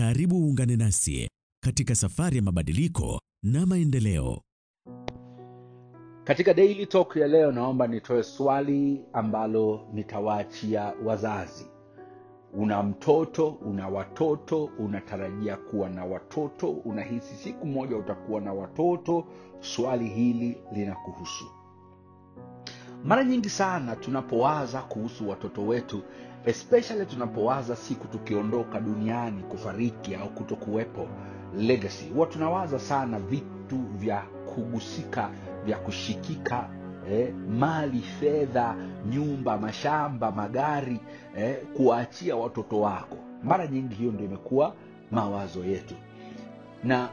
Karibu uungane nasi katika safari ya mabadiliko na maendeleo. Katika Daily Talk ya leo, naomba nitoe swali ambalo nitawaachia wazazi. Una mtoto, una watoto, unatarajia kuwa na watoto, unahisi siku moja utakuwa na watoto. Swali hili linakuhusu. Mara nyingi sana tunapowaza kuhusu watoto wetu, especially tunapowaza siku tukiondoka duniani, kufariki au kuwepo legacy, huwa tunawaza sana vitu vya kugusika, vya kushikika eh, mali, fedha, nyumba, mashamba, magari eh, kuwaachia watoto wako. Mara nyingi hiyo ndio imekuwa mawazo yetu, na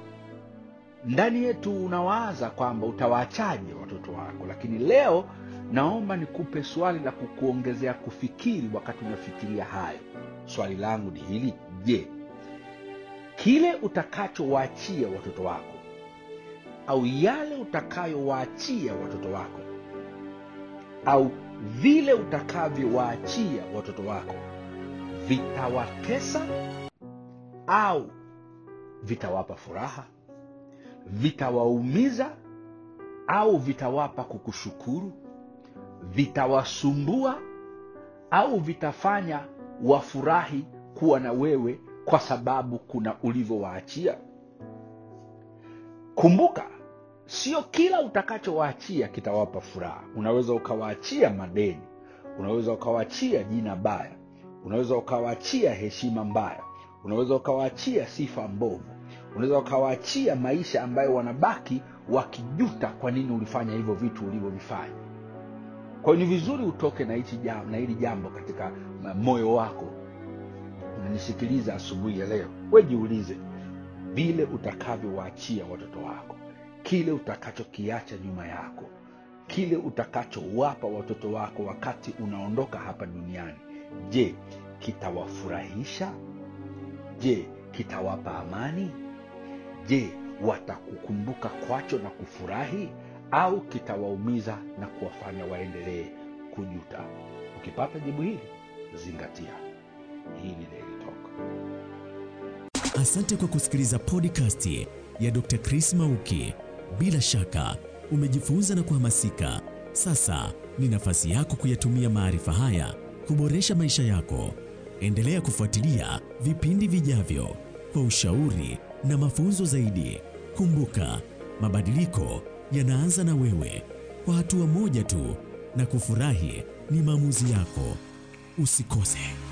ndani yetu unawaza kwamba utawaachaje watoto wako, lakini leo naomba nikupe swali la kukuongezea kufikiri wakati unafikiria hayo. Swali langu ni hili: je, kile utakachowaachia watoto wako au yale utakayowaachia watoto wako au vile utakavyowaachia watoto wako vitawatesa au vitawapa furaha, vitawaumiza au vitawapa kukushukuru? vitawasumbua au vitafanya wafurahi kuwa na wewe kwa sababu kuna ulivyowaachia. Kumbuka, sio kila utakachowaachia kitawapa furaha. Unaweza ukawaachia madeni, unaweza ukawaachia jina baya, unaweza ukawaachia heshima mbaya, unaweza ukawaachia sifa mbovu, unaweza ukawaachia maisha ambayo wanabaki wakijuta kwa nini ulifanya hivyo vitu ulivyovifanya. Kwa ni vizuri utoke na hili jambo, hili jambo katika moyo wako. Unanisikiliza asubuhi ya leo, we jiulize, vile utakavyowaachia watoto wako, kile utakachokiacha nyuma yako, kile utakachowapa watoto wako wakati unaondoka hapa duniani, je, kitawafurahisha? Je, kitawapa amani? Je, watakukumbuka kwacho na kufurahi? au kitawaumiza na kuwafanya waendelee kujuta? Ukipata jibu hili, zingatia. Hii ni Daily Asante kwa kusikiliza podcast ya Dr. Chris Mauki. Bila shaka umejifunza na kuhamasika. Sasa ni nafasi yako kuyatumia maarifa haya kuboresha maisha yako. Endelea kufuatilia vipindi vijavyo kwa ushauri na mafunzo zaidi. Kumbuka, mabadiliko yanaanza na wewe kwa hatua moja tu, na kufurahi ni maamuzi yako. Usikose.